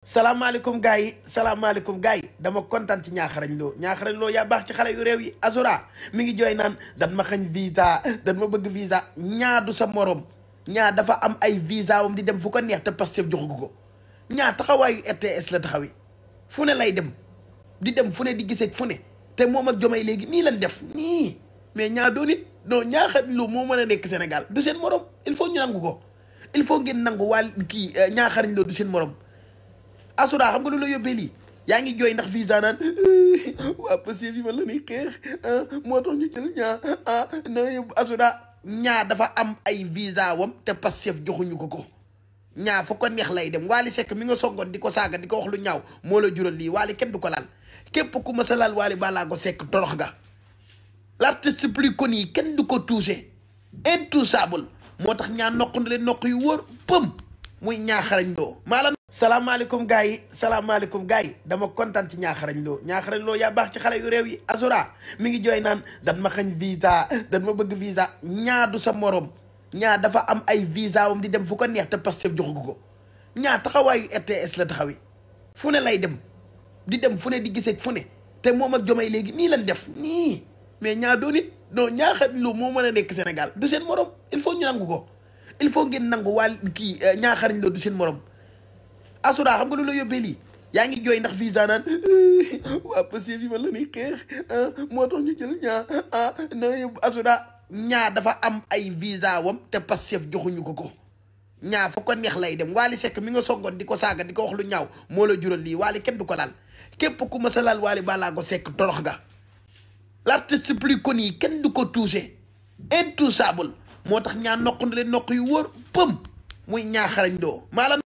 salaamaaleykum gars yi salaamaaleykum gars yi dama kontaan ci ñaaxarañ loo ñaaxarañ loo yaa baax ci xale yu réew yi Azura mi ngi jooy naan dan ma xañ visa dan ma bëgg visa ñaadu du sa morom ñaa dafa am ay visa wam di dem fu ko neex te Pastef ko ñaa taxawaayu RTS la fu ne lay dem di dem fu ne di gisee fu te moom ak Jomay léegi nii lañ def nii mais ñaa doon it non ñaaxarañ loo moo mën a nekk Sénégal du seen morom il faut ñu nangu ko il faut ngeen nangu waal kii ñaaxarañ euh, loo du seen morom. Asoura xam nga lu la yóbbee lii yaa ngi jooy ndax visa naan eh, waa Pastef yi ma la ñuy xeex ah, moo tax ñu jël ñaa ah na yóbbu ñaa dafa am ay visa wam te Pastef joxuñu ko ko ñaa fu ko neex lay dem Wally Seck mi nga songoon di ko saaga di ko wax lu ñaaw moo la jural lii Wally kenn du ko laal képp ku mës a laal Wally Ballago Seck torox ga l'artiste plus connu kenn du ko touché intouchable moo tax ñaa noq na leen noq yu wóor pëm muy ñaa xarañ doo salaamaaleykum gars yi salaamaaleykum gars yi dama kontaan ci ñaaxarañ loo ñaaxarañ loo yaa baax ci xale yu réew yi Azura mi ngi jooy naan dan ma xañ visa dan ma bëgg visa ñaa du sa morom ñaa dafa am ay visa wam di dem fu ko neex te Pastef ko ñaa taxawaayu RTS la taxawee fu ne lay dem di dem fu ne di gisee fu te moom ak Jomay léegi nii lañ def nii mais ñaa doon it non ñaaxarañ loo moo mën a nekk senegal du seen morom il faut ñu nangu ko il faut ngeen nangu waal kii ñaaxarañ euh, loo du seen morom. Asoura xam nga lu la yóbbee lii yaa ngi jooy ndax visa naan waa Pastef yi ma la ñuy xeex ah, moo tax ñu jël ñaa ah na yóbbu ñaa dafa am ay visa wam te Pastef joxuñu ko ko ñaa fa neex lay dem Wally Seck mi nga songoon di ko saaga di ko wax lu ñaaw moo la jural lii Wally kenn du ko laal képp ku mës a laal Wally Ballago sekk torox ga l'artiste plus connu yi kenn du ko touché intouchable moo tax ñaa noq na leen noq yu wóor pëm muy ñaa xarañ doo